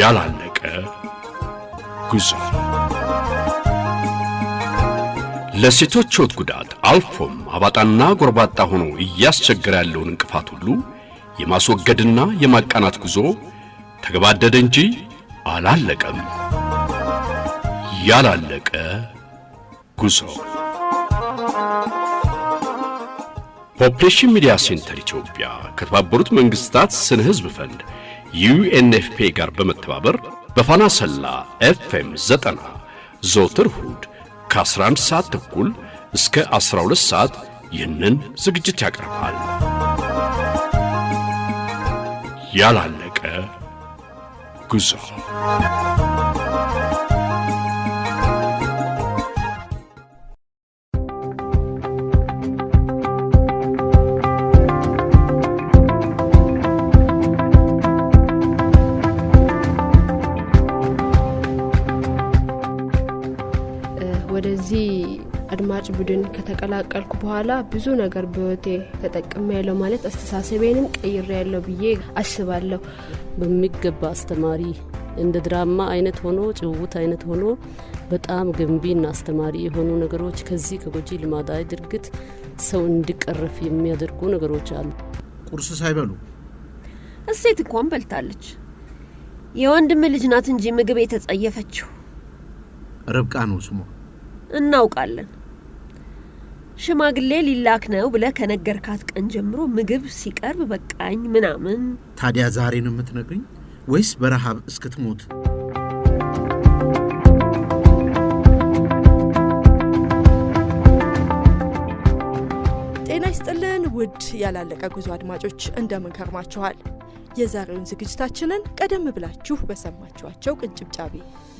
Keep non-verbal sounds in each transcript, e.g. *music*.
ያላለቀ ጉዞ ለሴቶች ሕይወት ጉዳት አልፎም አባጣና ጎርባጣ ሆኖ እያስቸገረ ያለውን እንቅፋት ሁሉ የማስወገድና የማቃናት ጉዞ ተገባደደ እንጂ አላለቀም። ያላለቀ ጉዞ ፖፕሌሽን ሚዲያ ሴንተር ኢትዮጵያ ከተባበሩት መንግስታት ስነ ሕዝብ ፈንድ ዩኤንኤፍፒ ጋር በመተባበር በፋና ሰላ ኤፍኤም 90 ዘወትር እሁድ ከ11 ሰዓት ተኩል እስከ 12 ሰዓት ይህንን ዝግጅት ያቀርባል። ያላለቀ ጉዞ ሯጭ ቡድን ከተቀላቀልኩ በኋላ ብዙ ነገር በህይወቴ ተጠቅሜ ያለው ማለት አስተሳሰቤንም ቀይሬ ያለው ብዬ አስባለሁ። በሚገባ አስተማሪ እንደ ድራማ አይነት ሆኖ ጭውውት አይነት ሆኖ በጣም ገንቢና አስተማሪ የሆኑ ነገሮች ከዚህ ከጎጂ ልማዳዊ ድርጊት ሰው እንዲቀረፍ የሚያደርጉ ነገሮች አሉ። ቁርስ ሳይበሉ እሴት እንኳን በልታለች። የወንድም ልጅ ናት እንጂ ምግብ የተጸየፈችው ርብቃ ነው ስሟ። እናውቃለን። ሽማግሌ ሊላክ ነው ብለህ ከነገርካት ቀን ጀምሮ ምግብ ሲቀርብ በቃኝ ምናምን። ታዲያ ዛሬ ነው የምትነግርኝ ወይስ በረሃብ እስክትሞት? ጤና ይስጥልን ውድ ያላለቀ ጉዞ አድማጮች እንደምን ከርማችኋል? የዛሬውን ዝግጅታችንን ቀደም ብላችሁ በሰማችኋቸው ቅንጭብጫቢ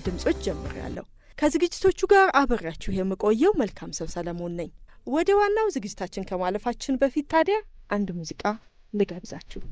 ድምጾች ጀምሬያለሁ። ከዝግጅቶቹ ጋር አብሬያችሁ የምቆየው መልካም ሰው ሰለሞን ነኝ። ወደ ዋናው ዝግጅታችን ከማለፋችን በፊት ታዲያ አንድ ሙዚቃ ልጋብዛችሁ።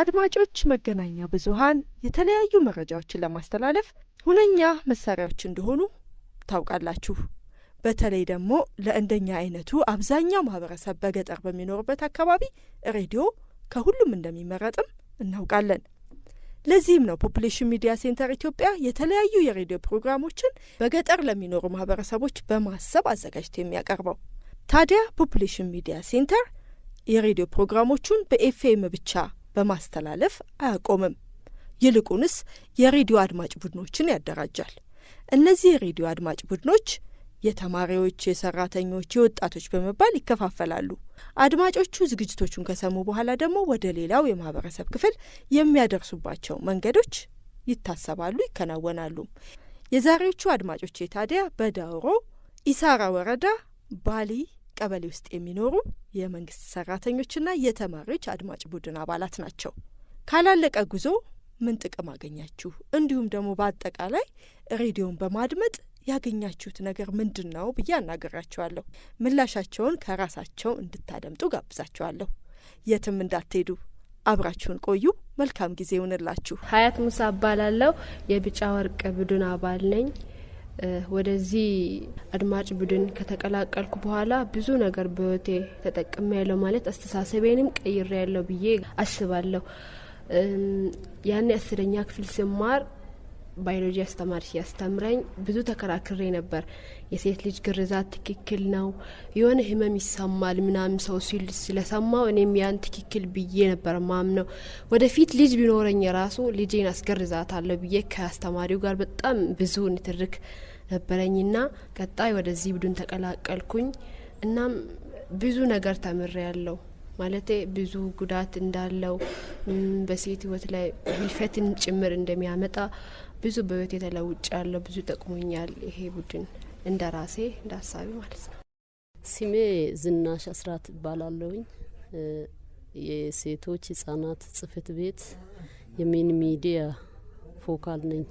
አድማጮች መገናኛ ብዙሃን የተለያዩ መረጃዎችን ለማስተላለፍ ሁነኛ መሳሪያዎች እንደሆኑ ታውቃላችሁ። በተለይ ደግሞ ለእንደኛ አይነቱ አብዛኛው ማህበረሰብ በገጠር በሚኖርበት አካባቢ ሬዲዮ ከሁሉም እንደሚመረጥም እናውቃለን። ለዚህም ነው ፖፑሌሽን ሚዲያ ሴንተር ኢትዮጵያ የተለያዩ የሬዲዮ ፕሮግራሞችን በገጠር ለሚኖሩ ማህበረሰቦች በማሰብ አዘጋጅቶ የሚያቀርበው። ታዲያ ፖፑሌሽን ሚዲያ ሴንተር የሬዲዮ ፕሮግራሞቹን በኤፍኤም ብቻ በማስተላለፍ አያቆምም። ይልቁንስ የሬዲዮ አድማጭ ቡድኖችን ያደራጃል። እነዚህ የሬዲዮ አድማጭ ቡድኖች የተማሪዎች፣ የሰራተኞች፣ የወጣቶች በመባል ይከፋፈላሉ። አድማጮቹ ዝግጅቶቹን ከሰሙ በኋላ ደግሞ ወደ ሌላው የማህበረሰብ ክፍል የሚያደርሱባቸው መንገዶች ይታሰባሉ፣ ይከናወናሉ። የዛሬዎቹ አድማጮቼ ታዲያ በዳውሮ ኢሳራ ወረዳ ባሊ ቀበሌ ውስጥ የሚኖሩ የመንግስት ሰራተኞችና የተማሪዎች አድማጭ ቡድን አባላት ናቸው። ካላለቀ ጉዞ ምን ጥቅም አገኛችሁ? እንዲሁም ደግሞ በአጠቃላይ ሬዲዮን በማድመጥ ያገኛችሁት ነገር ምንድን ነው ብዬ አናገራችኋለሁ። ምላሻቸውን ከራሳቸው እንድታደምጡ ጋብዛችኋለሁ። የትም እንዳትሄዱ፣ አብራችሁን ቆዩ። መልካም ጊዜ ይሆንላችሁ። ሀያት ሙሳ እባላለሁ። የቢጫ ወርቅ ቡድን አባል ነኝ። ወደዚህ አድማጭ ቡድን ከተቀላቀልኩ በኋላ ብዙ ነገር በህይወቴ ተጠቅመ ያለው ማለት አስተሳሰቤንም ቀይሬ ያለው ብዬ አስባለሁ። ያኔ አስረኛ ክፍል ስማር ባዮሎጂ አስተማሪ ሲያስተምረኝ ብዙ ተከራክሬ ነበር። የሴት ልጅ ግርዛት ትክክል ነው፣ የሆነ ህመም ይሰማል ምናምን ሰው ሲል ስለሰማው እኔም ያን ትክክል ብዬ ነበር ማም ነው። ወደፊት ልጅ ቢኖረኝ የራሱ ልጄን አለው ብዬ ከአስተማሪው ጋር በጣም ብዙ ንትርክ ነበረኝና ቀጣይ ወደዚህ ቡድን ተቀላቀልኩኝ። እናም ብዙ ነገር ተምሬ ያለው ማለት ብዙ ጉዳት እንዳለው በሴት ህይወት ላይ ህልፈትን ጭምር እንደሚያመጣ ብዙ በህይወት የተለውጭ ያለው ብዙ ጠቅሞኛል። ይሄ ቡድን እንደ ራሴ እንደ ሀሳቢ ማለት ነው። ስሜ ዝናሽ አስራት እባላለሁኝ። የሴቶች ህጻናት ጽህፈት ቤት የሜን ሚዲያ ፎካል ነኝ።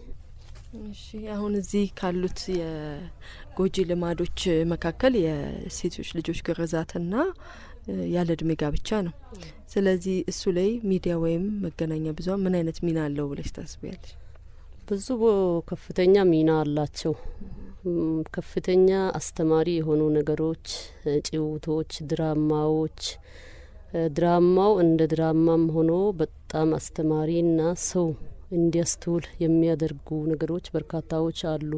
እሺ አሁን እዚህ ካሉት የጎጂ ልማዶች መካከል የሴቶች ልጆች ግርዛትና ያለ እድሜ ጋብቻ ነው። ስለዚህ እሱ ላይ ሚዲያ ወይም መገናኛ ብዙ ምን አይነት ሚና አለው ብለሽ ታስቢያለሽ? ብዙ ከፍተኛ ሚና አላቸው። ከፍተኛ አስተማሪ የሆኑ ነገሮች፣ ጭውቶች፣ ድራማዎች ድራማው እንደ ድራማም ሆኖ በጣም አስተማሪና ሰው እንዲያስተውል የሚያደርጉ ነገሮች በርካታዎች አሉ።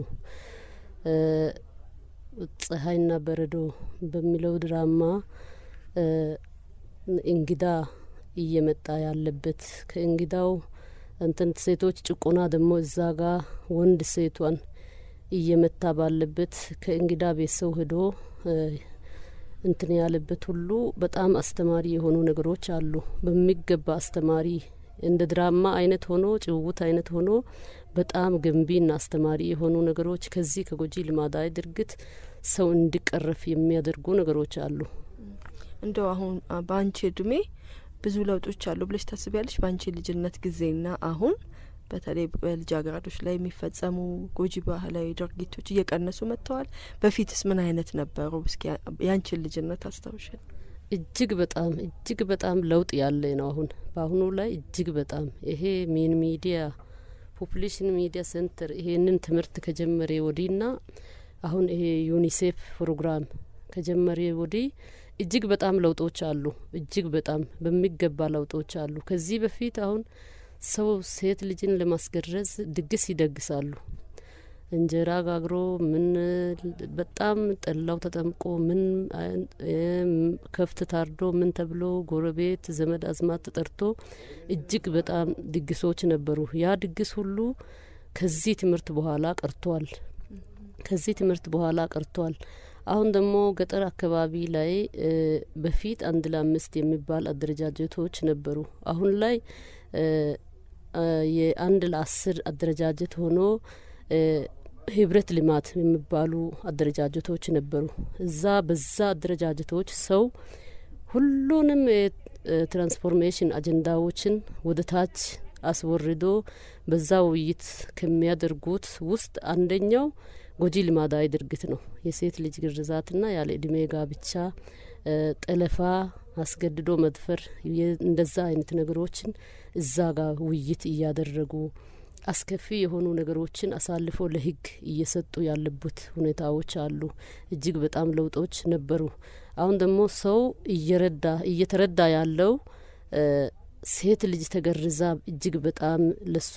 ፀሐይና በረዶ በሚለው ድራማ እንግዳ እየመጣ ያለበት ከእንግዳው እንትን ሴቶች ጭቆና ደግሞ እዛ ጋ ወንድ ሴቷን እየመታ ባለበት ከእንግዳ ቤት ሰው ሄዶ እንትን ያለበት ሁሉ በጣም አስተማሪ የሆኑ ነገሮች አሉ። በሚገባ አስተማሪ እንደ ድራማ አይነት ሆኖ ጭውውት አይነት ሆኖ በጣም ገንቢና አስተማሪ የሆኑ ነገሮች ከዚህ ከጎጂ ልማዳዊ ድርጊት ሰው እንዲቀረፍ የሚያደርጉ ነገሮች አሉ። እንደው አሁን በአንቺ እድሜ ብዙ ለውጦች አሉ ብለሽ ታስቢያለሽ? በአንቺ ልጅነት ጊዜና አሁን በተለይ በልጃገረዶች ላይ የሚፈጸሙ ጎጂ ባህላዊ ድርጊቶች እየቀነሱ መጥተዋል። በፊትስ ምን አይነት ነበሩ? እስኪ ያንቺን ልጅነት አስታውሽን። እጅግ በጣም እጅግ በጣም ለውጥ ያለ ነው። አሁን በአሁኑ ላይ እጅግ በጣም ይሄ ሜን ሚዲያ ፖፑሌሽን ሚዲያ ሴንተር ይሄንን ትምህርት ከጀመሬ ወዲህና አሁን ይሄ ዩኒሴፍ ፕሮግራም ከጀመሬ ወዲህ እጅግ በጣም ለውጦች አሉ። እጅግ በጣም በሚገባ ለውጦች አሉ። ከዚህ በፊት አሁን ሰው ሴት ልጅን ለማስገረዝ ድግስ ይደግሳሉ። እንጀራ ጋግሮ ምን በጣም ጠላው ተጠምቆ ምን ከፍት ታርዶ ምን ተብሎ ጎረቤት ዘመድ አዝማት ተጠርቶ እጅግ በጣም ድግሶች ነበሩ። ያ ድግስ ሁሉ ከዚህ ትምህርት በኋላ ቀርቷል። ከዚህ ትምህርት በኋላ ቀርቷል። አሁን ደግሞ ገጠር አካባቢ ላይ በፊት አንድ ለአምስት የሚባል አደረጃጀቶች ነበሩ። አሁን ላይ የአንድ ለአስር አደረጃጀት ሆኖ ህብረት ልማት የሚባሉ አደረጃጀቶች ነበሩ። እዛ በዛ አደረጃጀቶች ሰው ሁሉንም የትራንስፎርሜሽን አጀንዳዎችን ወደ ታች አስወርዶ በዛ ውይይት ከሚያደርጉት ውስጥ አንደኛው ጎጂ ልማዳዊ ድርጊት ነው። የሴት ልጅ ግርዛትና ያለ እድሜ ጋብቻ፣ ጠለፋ፣ አስገድዶ መድፈር እንደዛ አይነት ነገሮችን እዛ ጋር ውይይት እያደረጉ አስከፊ የሆኑ ነገሮችን አሳልፎ ለህግ እየሰጡ ያለበት ሁኔታዎች አሉ። እጅግ በጣም ለውጦች ነበሩ። አሁን ደግሞ ሰው እየረዳ እየተረዳ ያለው ሴት ልጅ ተገርዛ እጅግ በጣም ለሷ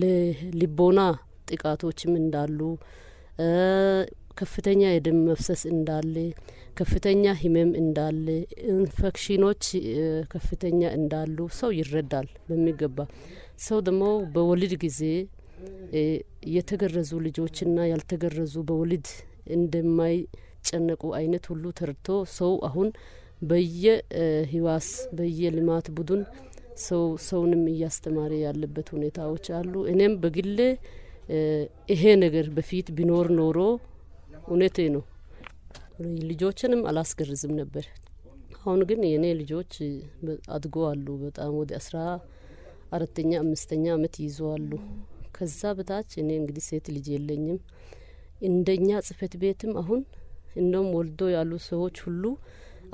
ለልቦና ጥቃቶችም እንዳሉ ከፍተኛ የደም መፍሰስ እንዳለ ከፍተኛ ህመም እንዳለ ኢንፌክሽኖች ከፍተኛ እንዳሉ ሰው ይረዳል በሚገባ። ሰው ደግሞ በወሊድ ጊዜ የተገረዙ ልጆችና ያልተገረዙ በወሊድ እንደማይጨነቁ አይነት ሁሉ ተረድቶ ሰው አሁን በየ ህዋስ በየ ልማት ቡድን ሰው ሰውንም እያስተማረ ያለበት ሁኔታዎች አሉ። እኔም በግሌ ይሄ ነገር በፊት ቢኖር ኖሮ እውነቴ ነው ልጆችንም አላስገርዝም ነበር። አሁን ግን የእኔ ልጆች አድጎ አሉ። በጣም ወደ አስራ አራተኛ አምስተኛ አመት ይዘዋሉ። ከዛ በታች እኔ እንግዲህ ሴት ልጅ የለኝም። እንደኛ ጽህፈት ቤትም አሁን እንደም ወልዶ ያሉ ሰዎች ሁሉ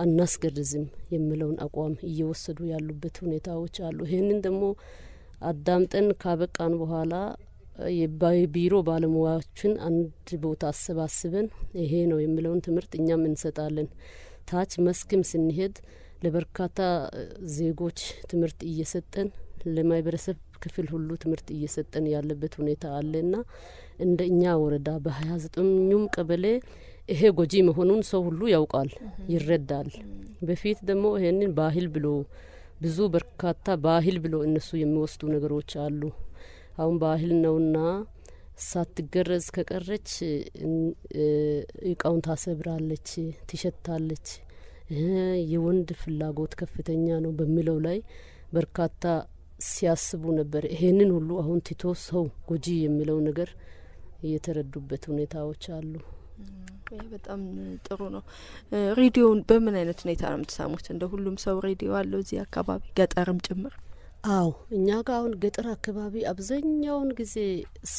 አናስገርዝም የሚለውን አቋም እየወሰዱ ያሉበት ሁኔታዎች አሉ። ይህንን ደግሞ አዳምጠን ካበቃን በኋላ የቢሮ ባለሙያዎችን አንድ ቦታ አሰባስበን ይሄ ነው የሚለውን ትምህርት እኛም እንሰጣለን። ታች መስክም ስንሄድ ለበርካታ ዜጎች ትምህርት እየሰጠን ለማህበረሰብ ክፍል ሁሉ ትምህርት እየሰጠን ያለበት ሁኔታ አለና እንደ እኛ ወረዳ በሀያ ዘጠኙም ቀበሌ ይሄ ጎጂ መሆኑን ሰው ሁሉ ያውቃል፣ ይረዳል። በፊት ደግሞ ይሄንን ባህል ብሎ ብዙ በርካታ ባህል ብሎ እነሱ የሚወስዱ ነገሮች አሉ። አሁን ባህል ነውና ሳትገረዝ ከቀረች እቃውን ታሰብራለች፣ ትሸታለች። የወንድ ፍላጎት ከፍተኛ ነው በሚለው ላይ በርካታ ሲያስቡ ነበር። ይሄንን ሁሉ አሁን ትቶ ሰው ጎጂ የሚለው ነገር የተረዱበት ሁኔታዎች አሉ። በጣም ጥሩ ነው። ሬዲዮን በምን አይነት ሁኔታ ነው የምትሰሙት? እንደ ሁሉም ሰው ሬዲዮ አለው እዚህ አካባቢ ገጠርም ጭምር አዎ እኛ ጋር አሁን ገጠር አካባቢ አብዛኛውን ጊዜ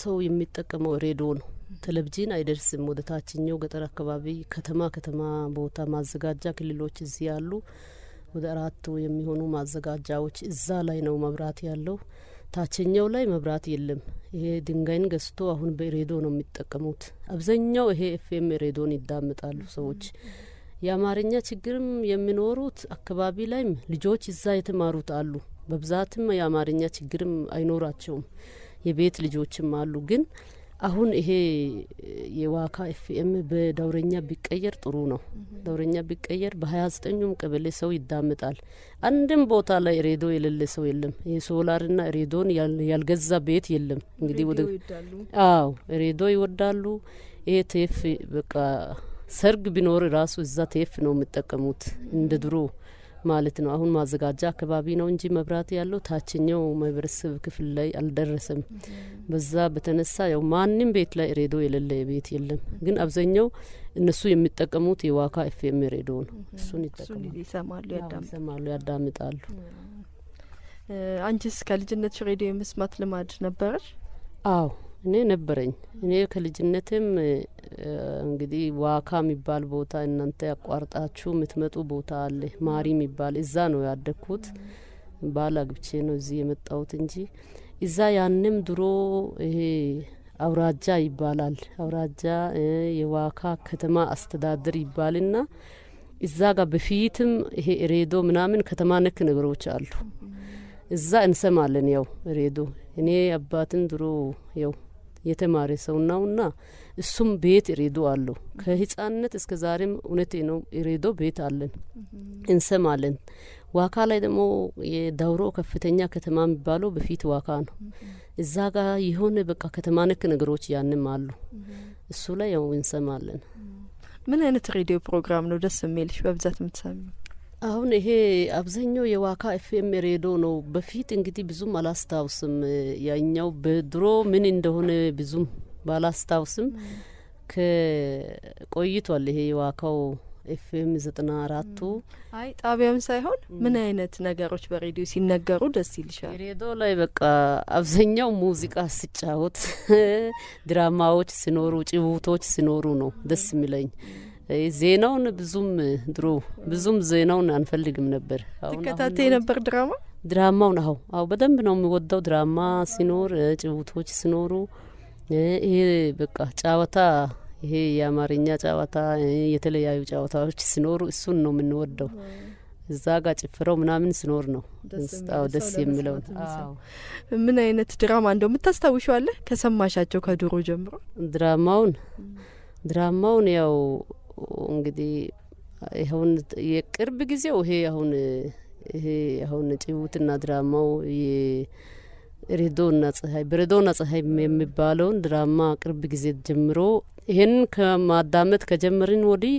ሰው የሚጠቀመው ሬዲዮ ነው። ቴሌቪዥን አይደርስም ወደ ታችኛው ገጠር አካባቢ ከተማ ከተማ ቦታ ማዘጋጃ ክልሎች እዚህ ያሉ ወደ አራቱ የሚሆኑ ማዘጋጃዎች እዛ ላይ ነው መብራት ያለው። ታችኛው ላይ መብራት የለም። ይሄ ድንጋይን ገዝቶ አሁን በሬዲዮ ነው የሚጠቀሙት። አብዛኛው ይሄ ኤፍኤም ሬዲዮን ይዳምጣሉ ሰዎች። የአማርኛ ችግርም የሚኖሩት አካባቢ ላይም ልጆች እዛ የተማሩት አሉ በብዛትም የአማርኛ ችግርም አይኖራቸውም። የቤት ልጆችም አሉ። ግን አሁን ይሄ የዋካ ኤፍኤም በዳውረኛ ቢቀየር ጥሩ ነው። ዳውረኛ ቢቀየር በሀያ ዘጠኙም ቀበሌ ሰው ይዳምጣል። አንድም ቦታ ላይ ሬዲዮ የሌለ ሰው የለም። የሶላርና ሬዲዮን ያልገዛ ቤት የለም። እንግዲህ ወደ አዎ ሬዲዮ ይወዳሉ። ይሄ ቴፍ በቃ ሰርግ ቢኖር ራሱ እዛ ቴፍ ነው የሚጠቀሙት እንደ ድሮ ማለት ነው። አሁን ማዘጋጃ አካባቢ ነው እንጂ መብራት ያለው ታችኛው ማህበረሰብ ክፍል ላይ አልደረሰም። በዛ በተነሳ ያው ማንም ቤት ላይ ሬዲዮ የሌለ ቤት የለም። ግን አብዛኛው እነሱ የሚጠቀሙት የዋካ ኤፍኤም ሬዲዮ ነው። እሱን ይጠቀማሉ፣ ያዳምጣሉ። አንቺስ ከልጅነት ሬዲዮ የመስማት ልማድ ነበረች? አዎ እኔ ነበረኝ። እኔ ከልጅነትም እንግዲህ ዋካ የሚባል ቦታ እናንተ ያቋርጣችሁ የምትመጡ ቦታ አለ ማሪ የሚባል እዛ ነው ያደግኩት። ባል አግብቼ ነው እዚህ የመጣሁት እንጂ እዛ ያንም ድሮ ይሄ አውራጃ ይባላል። አውራጃ የዋካ ከተማ አስተዳደር ይባልና እዛ ጋር በፊትም ይሄ ሬዲዮ ምናምን ከተማ ነክ ነገሮች አሉ። እዛ እንሰማለን ያው ሬዶ እኔ አባትን ድሮ ያው የተማረ ሰው ነውና እሱም ቤት ሬዶ አለው። ከህጻንነት እስከ ዛሬም እውነት ነው ሬዶ ቤት አለን እንሰማለን። ዋካ ላይ ደግሞ የዳውሮ ከፍተኛ ከተማ የሚባለው በፊት ዋካ ነው። እዛ ጋር የሆነ በቃ ከተማ ነክ ነገሮች ያንም አሉ። እሱ ላይ ያው እንሰማለን። ምን አይነት ሬዲዮ ፕሮግራም ነው ደስ የሚልሽ በብዛት የምትሰሚው? አሁን ይሄ አብዛኛው የዋካ ኤፍኤም ሬዲዮ ነው። በፊት እንግዲህ ብዙም አላስታውስም፣ ያኛው በድሮ ምን እንደሆነ ብዙም ባላስታውስም ከቆይቷል። ይሄ የዋካው ኤፍኤም ዘጠና አራቱ አይ ጣቢያም ሳይሆን ምን አይነት ነገሮች በሬዲዮ ሲነገሩ ደስ ይልሻል? ሬዲዮ ላይ በቃ አብዛኛው ሙዚቃ ስጫወት፣ ድራማዎች ሲኖሩ፣ ጭውቶች ሲኖሩ ነው ደስ የሚለኝ። ዜናውን ብዙም ድሮ ብዙም ዜናውን አንፈልግም ነበር። ትከታተይ ነበር ድራማ ድራማውን? አሁ አሁ በደንብ ነው የምወደው። ድራማ ሲኖር ጭውቶች ሲኖሩ ይሄ በቃ ጨዋታ ይሄ የአማርኛ ጨዋታ የተለያዩ ጨዋታዎች ሲኖሩ እሱን ነው የምንወደው። እዛ ጋር ጭፍረው ምናምን ስኖር ነው ደስ የሚለው። ምን አይነት ድራማ እንደው የምታስታውሸዋለህ? ከሰማሻቸው ከድሮ ጀምሮ ድራማውን ድራማውን ያው እንግዲህ ይኸውን የቅርብ ጊዜው ይሄ አሁን ይሄ አሁን ጭውትና ድራማው ሬዲዮና ፀሐይ በሬዲዮና ጸሀይ የሚባለውን ድራማ ቅርብ ጊዜ ጀምሮ ይህንን ከማዳመጥ ከጀመርን ወዲህ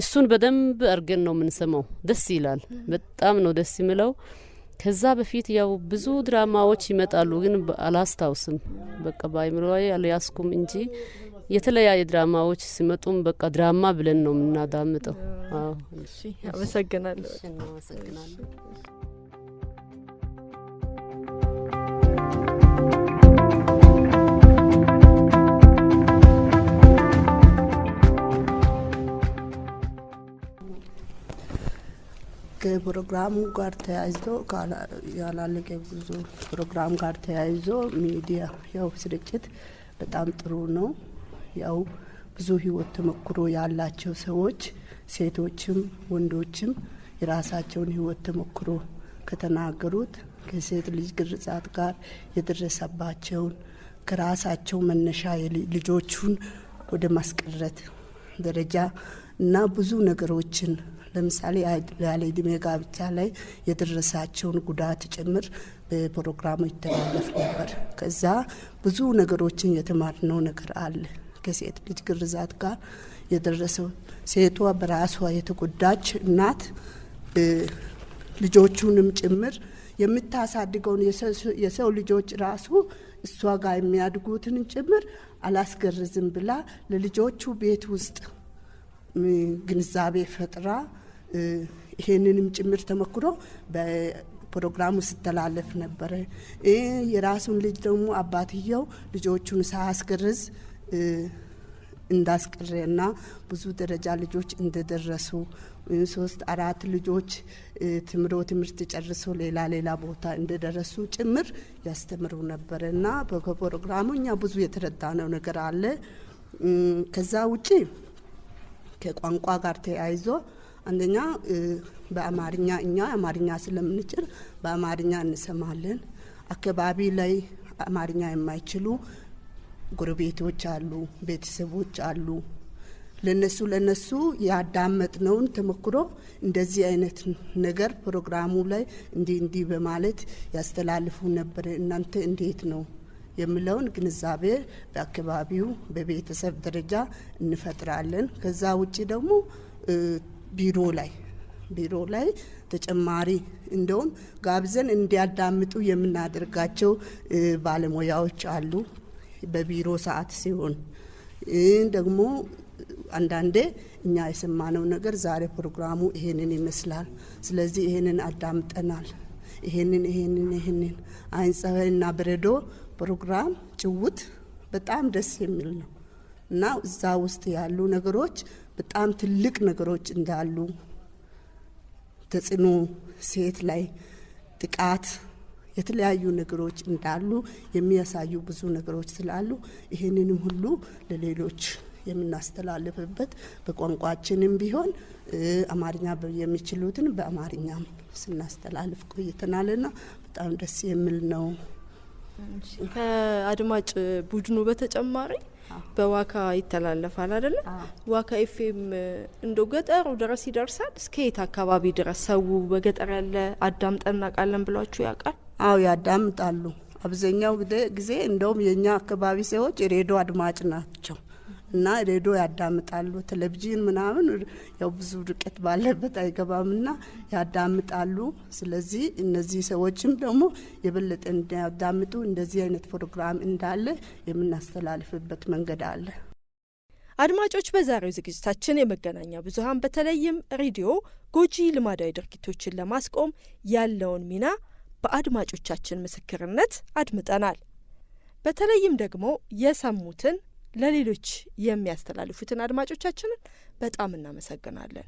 እሱን በደንብ አድርገን ነው የምንሰማው። ደስ ይላል። በጣም ነው ደስ የሚለው። ከዛ በፊት ያው ብዙ ድራማዎች ይመጣሉ፣ ግን አላስታውስም። በቃ በአይምሮዬ አልያስኩም እንጂ የተለያየ ድራማዎች ሲመጡም በቃ ድራማ ብለን ነው የምናዳምጠው። አመሰግናለሁ። ከፕሮግራሙ ጋር ተያይዞ ያላለቀ ብዙ ፕሮግራም ጋር ተያይዞ ሚዲያ ያው ስርጭት በጣም ጥሩ ነው። ያው ብዙ ህይወት ተሞክሮ ያላቸው ሰዎች ሴቶችም ወንዶችም የራሳቸውን ህይወት ተሞክሮ ከተናገሩት ከሴት ልጅ ግርዛት ጋር የደረሰባቸውን ከራሳቸው መነሻ ልጆቹን ወደ ማስቀረት ደረጃ እና ብዙ ነገሮችን ለምሳሌ ያለ ዕድሜ ጋብቻ ላይ የደረሳቸውን ጉዳት ጭምር በፕሮግራሙ ይተላለፍ ነበር። ከዛ ብዙ ነገሮችን የተማርነው ነገር አለ። ከሴት ልጅ ግርዛት ጋር የደረሰው ሴቷ በራሷ የተጎዳች እናት ልጆቹንም ጭምር የምታሳድገውን የሰው ልጆች ራሱ እሷ ጋር የሚያድጉትን ጭምር አላስገርዝም ብላ ለልጆቹ ቤት ውስጥ ግንዛቤ ፈጥራ ይሄንንም ጭምር ተመክሮ በፕሮግራሙ ስተላለፍ ነበረ። የራሱን ልጅ ደግሞ አባትየው ልጆቹን ሳያስገርዝ እንዳስቀረ እና ብዙ ደረጃ ልጆች እንደደረሱ ሶስት አራት ልጆች ትምሮ ትምህርት ጨርሶ ሌላ ሌላ ቦታ እንደደረሱ ጭምር ያስተምሩ ነበረ እና በፕሮግራሙ እኛ ብዙ የተረዳነው ነገር አለ። ከዛ ውጪ ከቋንቋ ጋር ተያይዞ አንደኛ በአማርኛ እኛ አማርኛ ስለምንችል በአማርኛ እንሰማለን። አካባቢ ላይ አማርኛ የማይችሉ ጎረቤቶች አሉ፣ ቤተሰቦች አሉ። ለነሱ ለነሱ ያዳመጥነውን ተሞክሮ እንደዚህ አይነት ነገር ፕሮግራሙ ላይ እንዲህ እንዲህ በማለት ያስተላልፉ ነበር። እናንተ እንዴት ነው የምለውን ግንዛቤ በአካባቢው በቤተሰብ ደረጃ እንፈጥራለን። ከዛ ውጭ ደግሞ ቢሮ ላይ ቢሮ ላይ ተጨማሪ እንደውም ጋብዘን እንዲያዳምጡ የምናደርጋቸው ባለሙያዎች አሉ። በቢሮ ሰዓት ሲሆን ደግሞ አንዳንዴ እኛ የሰማነው ነገር ዛሬ ፕሮግራሙ ይሄንን ይመስላል፣ ስለዚህ ይሄንን አዳምጠናል፣ ይሄንን ይሄንን ይሄንን አይን ፀሐይና በረዶ ፕሮግራም ጭውት በጣም ደስ የሚል ነው እና እዛ ውስጥ ያሉ ነገሮች በጣም ትልቅ ነገሮች እንዳሉ ተጽዕኖ ሴት ላይ ጥቃት የተለያዩ ነገሮች እንዳሉ የሚያሳዩ ብዙ ነገሮች ስላሉ ይህንንም ሁሉ ለሌሎች የምናስተላልፍበት በቋንቋችንም ቢሆን አማርኛ የሚችሉትን በአማርኛም ስናስተላልፍ ቆይተናልና በጣም ደስ የሚል ነው። ከአድማጭ ቡድኑ በተጨማሪ በዋካ ይተላለፋል አይደለ? ዋካ ኤፍኤም እንደ ገጠሩ ድረስ ይደርሳል። እስከየት አካባቢ ድረስ ሰው በገጠር ያለ አዳምጠን እናውቃለን ብሏችሁ ያውቃል? አው ያዳምጣሉ። አብዛኛው ጊዜ እንደውም የእኛ አካባቢ ሰዎች ሬዲዮ አድማጭ ናቸው እና ሬዲዮ ያዳምጣሉ። ቴሌቪዥን ምናምን ያው ብዙ ርቀት ባለበት አይገባምና ያዳምጣሉ። ስለዚህ እነዚህ ሰዎችም ደግሞ የበለጠ እንዲያዳምጡ እንደዚህ አይነት ፕሮግራም እንዳለ የምናስተላልፍበት መንገድ አለ። አድማጮች፣ በዛሬው ዝግጅታችን የመገናኛ ብዙኃን በተለይም ሬዲዮ ጎጂ ልማዳዊ ድርጊቶችን ለማስቆም ያለውን ሚና በአድማጮቻችን ምስክርነት አድምጠናል። በተለይም ደግሞ የሰሙትን ለሌሎች የሚያስተላልፉትን አድማጮቻችንን በጣም እናመሰግናለን።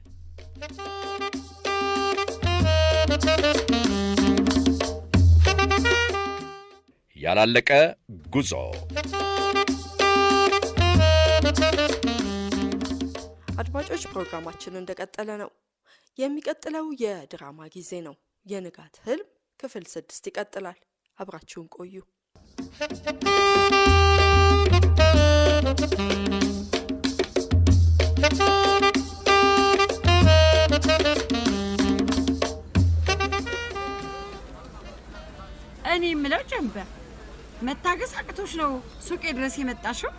ያላለቀ ጉዞ አድማጮች፣ ፕሮግራማችን እንደቀጠለ ነው። የሚቀጥለው የድራማ ጊዜ ነው። የንጋት ህልም ክፍል ስድስት ይቀጥላል። አብራችሁን ቆዩ። እኔ የምለው ጀንበር መታገስ አቅቶች ነው ሱቄ ድረስ የመጣሽው?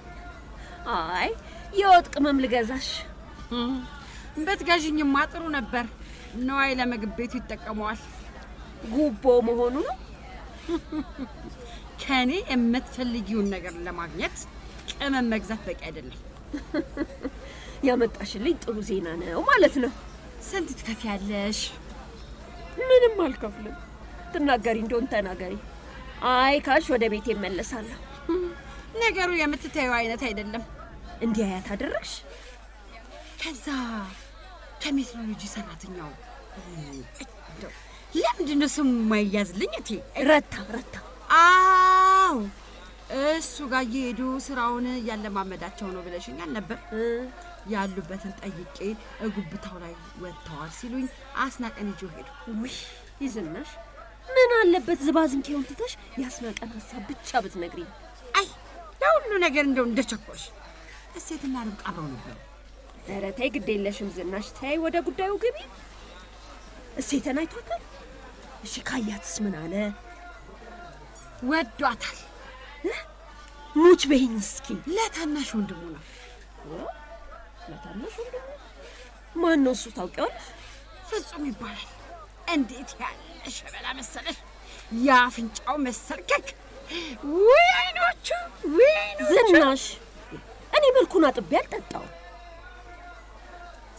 አይ የወጥ ቅመም ልገዛሽ። ብትገዥኝማ ጥሩ ነበር። ነዋይ ለምግብ ቤቱ ይጠቀመዋል። ጉቦ መሆኑ ነው። *laughs* ከኔ የምትፈልጊውን ነገር ለማግኘት ቅመም መግዛት በቂ አይደለም። *laughs* ያመጣሽልኝ ጥሩ ዜና ነው ማለት ነው። ስንት ትከፍያለሽ? ምንም አልከፍልም። ትናገሪ እንደሆን ተናገሪ። አይ ካልሽ ወደ ቤት ይመለሳለሁ። *laughs* ነገሩ የምትታየው አይነት አይደለም። እንዲህ አያት አደረግሽ። ከዛ ከሜትሮሎጂ ሰራተኛው ለምንድን ነው ስሙ የማይያዝልኝ? እቴ ረታ ረታ። አዎ እሱ ጋር እየሄዱ ስራውን እያለማመዳቸው ነው ብለሽኛል ነበር። ያሉበትን ጠይቄ እጉብታው ላይ ወጥተዋል ሲሉኝ አስናቀን ይዤው ሄዱ። ውይ ይዝናሽ፣ ምን አለበት ዝባዝንኬውን ትተሽ የአስናቀን ሀሳብ ብቻ ብትነግሪኝ። አይ ለሁሉ ነገር እንደው እንደቸኮሽ። እሴትና ርብቃ አብረው ነበሩ። ኧረ ተይ ግድ የለሽም ዝናሽ፣ ተይ ወደ ጉዳዩ ግቢ። እሴተን አይቷታል እሺ ካያትስ ምን አለ? ወዷታል። ሙች በይኝ እስኪ። ለታናሽ ወንድሙ ነው። ለታናሽ ወንድሙ ማን ነው እሱ? ታውቂዋለሽ? ፍጹም ይባላል። እንዴት ያለ ሸበላ መሰለሽ! የአፍንጫው መሰርከክ፣ ውይ አይኖቹ፣ ውይ አይኖቹ፣ ውይ ዝናሽ። እኔ መልኩን አጥቤ አልጠጣው።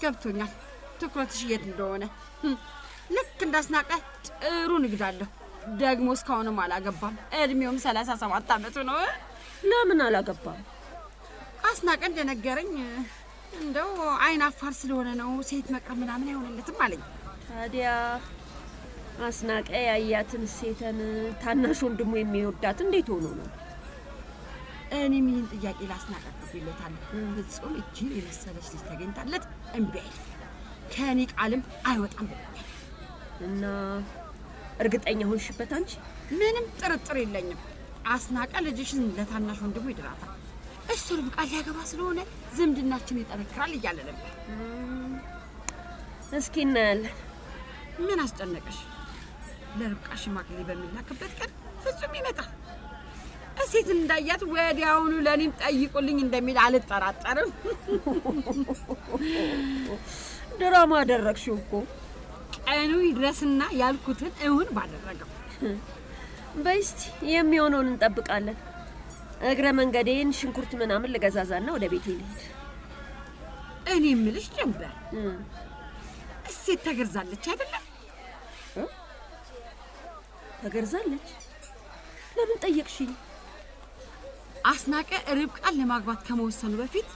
ገብቶኛል ትኩረትሽ የት እንደሆነ እንዳስናቀ ጥሩ ንግድ አለሁ። ደግሞ እስካሁንም አላገባም። እድሜውም 37 ሰባት አመቱ ነው። ለምን አላገባም? አስናቀ እንደነገረኝ እንደው አይን አፋር ስለሆነ ነው ሴት መቅረብ ምናምን አይሆንለትም አለኝ። ታዲያ አስናቀ ያያትን ሴተን ታናሽ ወንድሙ የሚወዳት እንዴት ሆኖ ነው? እኔም ይህን ጥያቄ ላስናቀ ይለታል። ፍጹም እጅን የመሰለች ልጅ ተገኝታለት እምቢ አይልም፣ ከእኔ ቃልም አይወጣም ብለኛል። እና እርግጠኛ ሆንሽበት? አንቺ ምንም ጥርጥር የለኝም። አስናቀ ልጅሽን ለታናሽ ወንድሙ ይድራታል። እሱ ቃል ሊያገባ ስለሆነ ዝምድናችን ይጠነክራል እያለ ነበር። እስኪ እናያለን። ምን አስጨነቀሽ? ለርብቃ ሽማግሌ በሚላክበት ቀን ፍጹም ይመጣል። እሴት እንዳያት ወዲያውኑ ለእኔም ጠይቁልኝ እንደሚል አልጠራጠርም። ድራማ አደረግሽው እኮ ቀኑ ይድረስና ያልኩትን እውን ባደረገው። በይስቲ የሚሆነውን እንጠብቃለን። እግረ መንገዴን ሽንኩርት ምናምን ልገዛዛና ወደ ቤት ልሄድ። እኔ የምልሽ ጀንበር እሴት ተገርዛለች አይደለም? ተገርዛለች። ለምን ጠየቅሽኝ? አስናቀ ርብቃን ለማግባት ከመወሰኑ በፊት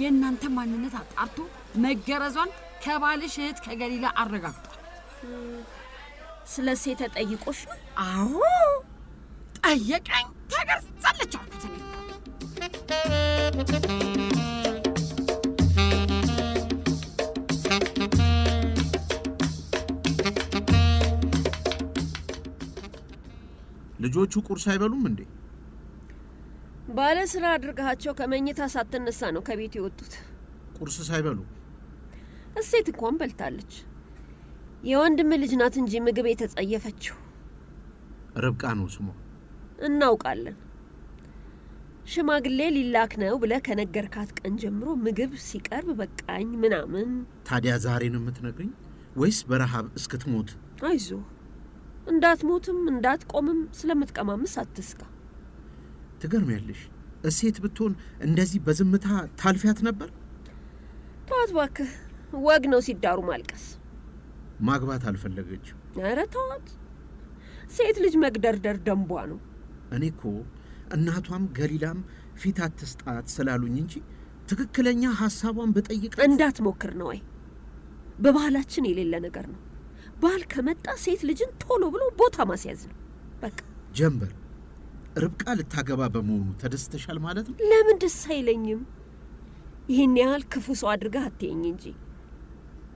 የእናንተ ማንነት አጣርቶ መገረዟን ከባልሽ እህት ከገሊላ አረጋግጧል። ስለ ሴት ተጠይቆሽ ነው? አዎ ጠየቀኝ። ተገርዛለች አልኩት። ልጆቹ ቁርስ አይበሉም እንዴ? ባለ ስራ አድርገሃቸው ከመኝታ ሳትነሳ ነው ከቤት የወጡት። ቁርስ ሳይበሉ እሴት እንኳን በልታለች። የወንድም ልጅ ናት እንጂ ምግብ የተጸየፈችው ርብቃ ነው ስሟ። እናውቃለን። ሽማግሌ ሊላክ ነው ብለህ ከነገርካት ቀን ጀምሮ ምግብ ሲቀርብ በቃኝ ምናምን። ታዲያ ዛሬ ነው የምትነግርኝ ወይስ በረሃብ እስክትሞት? አይዞ እንዳትሞትም እንዳትቆምም ስለምትቀማምስ አትስጋ። ትገርሚያለሽ። እሴት ብትሆን እንደዚህ በዝምታ ታልፊያት ነበር። ተዋት ባክህ። ወግ ነው ሲዳሩ ማልቀስ። ማግባት አልፈለገችም። ኧረ ተዋት፣ ሴት ልጅ መግደርደር ደንቧ ነው። እኔ እኮ እናቷም ገሊላም ፊት አትስጣት ስላሉኝ እንጂ ትክክለኛ ሀሳቧን ብጠይቅ እንዳትሞክር ነው። አይ በባህላችን የሌለ ነገር ነው። ባል ከመጣ ሴት ልጅን ቶሎ ብሎ ቦታ ማስያዝ ነው። በቃ ጀንበር፣ ርብቃ ልታገባ በመሆኑ ተደስተሻል ማለት ነው? ለምን ደስ አይለኝም? ይህን ያህል ክፉ ሰው አድርገህ አትየኝ እንጂ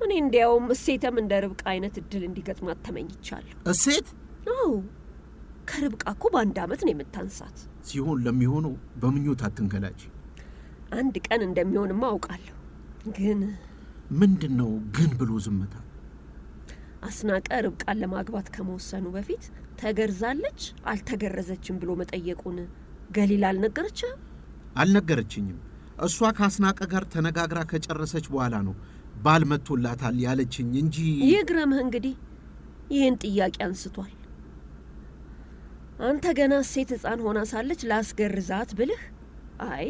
እኔ እንዲያውም እሴተም እንደ ርብቃ አይነት እድል እንዲገጥማት ተመኝቻለሁ። እሴት? አዎ ከርብቃ እኮ በአንድ አመት ነው የምታንሳት። ሲሆን ለሚሆነው በምኞት አትንገላጭ። አንድ ቀን እንደሚሆንማ አውቃለሁ። ግን ምንድን ነው ግን ብሎ ዝምታ? አስናቀ ርብቃን ለማግባት ከመወሰኑ በፊት ተገርዛለች አልተገረዘችም ብሎ መጠየቁን ገሊላ አልነገረችም? አልነገረችኝም። እሷ ከአስናቀ ጋር ተነጋግራ ከጨረሰች በኋላ ነው ባል መጥቶላታል ያለችኝ እንጂ ይግረምህ እንግዲህ ይህን ጥያቄ አንስቷል። አንተ ገና ሴት ሕፃን ሆና ሳለች ላስገርዛት ብልህ አይ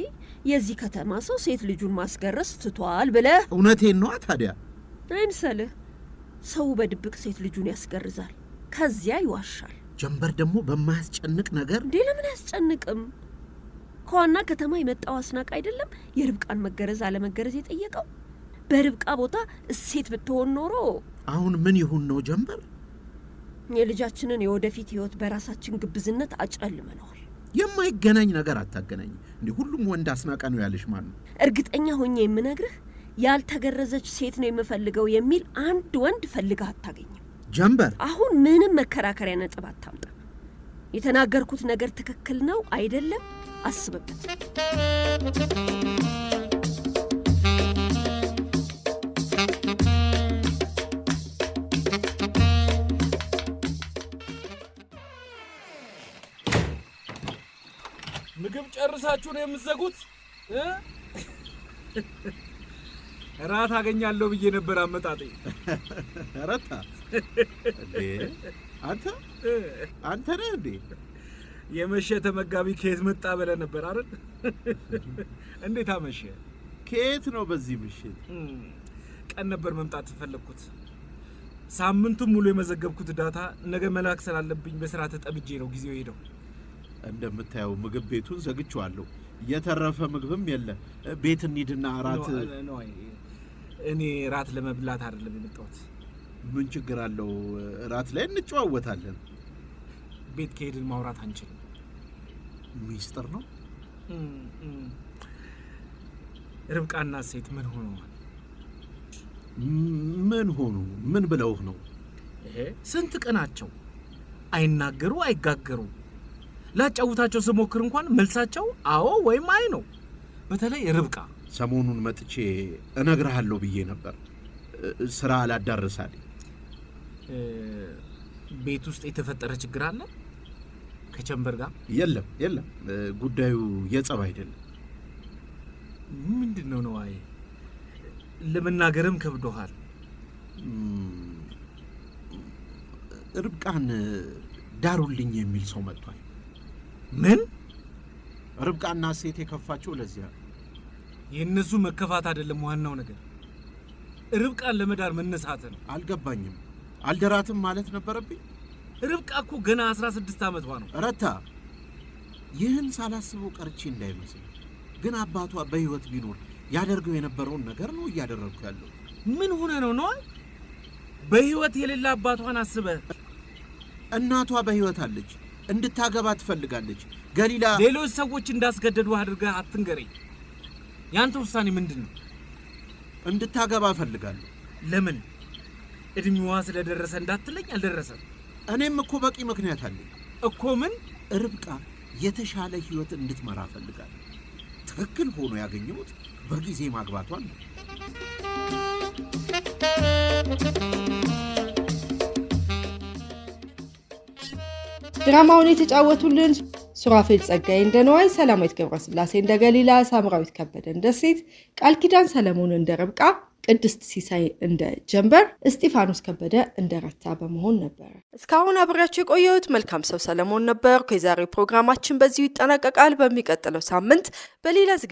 የዚህ ከተማ ሰው ሴት ልጁን ማስገረዝ ትቷል ብለህ እውነቴን ነዋ። ታዲያ አይምሰልህ፣ ሰው በድብቅ ሴት ልጁን ያስገርዛል፣ ከዚያ ይዋሻል። ጀንበር ደግሞ በማያስጨንቅ ነገር እንዴ! ለምን አያስጨንቅም? ከዋና ከተማ የመጣው አስናቅ አይደለም የርብቃን መገረዝ አለመገረዝ የጠየቀው? በርብቃ ቦታ እሴት ብትሆን ኖሮ አሁን ምን ይሁን ነው ጀንበር? የልጃችንን የወደፊት ህይወት በራሳችን ግብዝነት አጨልመነዋል። የማይገናኝ ነገር አታገናኝ። እንዲህ ሁሉም ወንድ አስናቀ ነው ያለሽ ማን ነው? እርግጠኛ ሆኜ የምነግርህ ያልተገረዘች ሴት ነው የምፈልገው የሚል አንድ ወንድ ፈልገህ አታገኝም። ጀንበር፣ አሁን ምንም መከራከሪያ ነጥብ አታምጣ። የተናገርኩት ነገር ትክክል ነው አይደለም፣ አስብበት። ምግብ ጨርሳችሁ ነው የምትዘጉት? *laughs* እራት አገኛለሁ ብዬ ነበር አመጣጤ። *laughs* እረታ አንተ አንተ ነህ እንዴ? የመሸ ተመጋቢ ከየት መጣ ብለህ ነበር አይደል? *laughs* እንዴት አመሸ? ከየት ነው በዚህ ምሽት? ቀን ነበር መምጣት ፈለግኩት። ሳምንቱን ሙሉ የመዘገብኩት ዳታ ነገ መላክ ስላለብኝ በስራ ተጠምጄ ነው ጊዜው ሄደው እንደምታየው ምግብ ቤቱን ዘግቼዋለሁ። የተረፈ ምግብም የለ። ቤት እንሂድና እራት እኔ እራት ለመብላት አይደለም የመጣሁት። ምን ችግር አለው? እራት ላይ እንጨዋወታለን። ቤት ከሄድን ማውራት አንችልም። ሚስጥር ነው። ርብቃና ሴት ምን ሆነዋል? ምን ሆኑ? ምን ብለውህ ነው? ስንት ቀናቸው? አይናገሩ አይጋገሩ ላጫውታቸው ስሞክር እንኳን መልሳቸው አዎ ወይም አይ ነው። በተለይ ርብቃ ሰሞኑን መጥቼ እነግርሃለሁ ብዬ ነበር፣ ስራ አላዳርሳል። ቤት ውስጥ የተፈጠረ ችግር አለ ከቸንበር ጋር? የለም የለም፣ ጉዳዩ የጸብ አይደለም። ምንድን ነው ለመናገርም ከብዶሃል። ርብቃን ዳሩልኝ የሚል ሰው መጥቷል። ምን ርብቃና ሴት የከፋቸው ለዚያ የእነሱ መከፋት አይደለም። ዋናው ነገር ርብቃን ለመዳር መነሳት ነው። አልገባኝም። አልደራትም ማለት ነበረብኝ? ርብቃ እኮ ገና አስራ ስድስት ዓመቷ ነው። ረታ ይህን ሳላስበው ቀርቼ እንዳይመስል ግን አባቷ በህይወት ቢኖር ያደርገው የነበረውን ነገር ነው እያደረግኩ ያለው። ምን ሆነ ነው ነዋ። በሕይወት የሌለ አባቷን አስበ እናቷ በህይወት አለች እንድታገባ ትፈልጋለች። ገሊላ ሌሎች ሰዎች እንዳስገደዱ አድርገህ አትንገረኝ። ያንተ ውሳኔ ምንድን ነው? እንድታገባ እፈልጋለሁ። ለምን? እድሜዋ ስለደረሰ እንዳትለኝ። አልደረሰም። እኔም እኮ በቂ ምክንያት አለኝ እኮ። ምን? ርብቃ የተሻለ ሕይወት እንድትመራ እፈልጋለሁ። ትክክል ሆኖ ያገኘሁት በጊዜ ማግባቷን ነው። ድራማውን የተጫወቱልን ሱራፌል ጸጋዬ እንደ ነዋይ፣ ሰላማዊት ገብረስላሴ እንደ ገሊላ፣ ሳምራዊት ከበደ እንደ ሴት፣ ቃል ኪዳን ሰለሞን እንደ ርብቃ፣ ቅድስት ሲሳይ እንደ ጀንበር፣ እስጢፋኖስ ከበደ እንደ ረታ በመሆን ነበር። እስካሁን አብሬያቸው የቆየሁት መልካም ሰው ሰለሞን ነበር የዛሬው ፕሮግራማችን በዚሁ ይጠናቀቃል። በሚቀጥለው ሳምንት በሌላ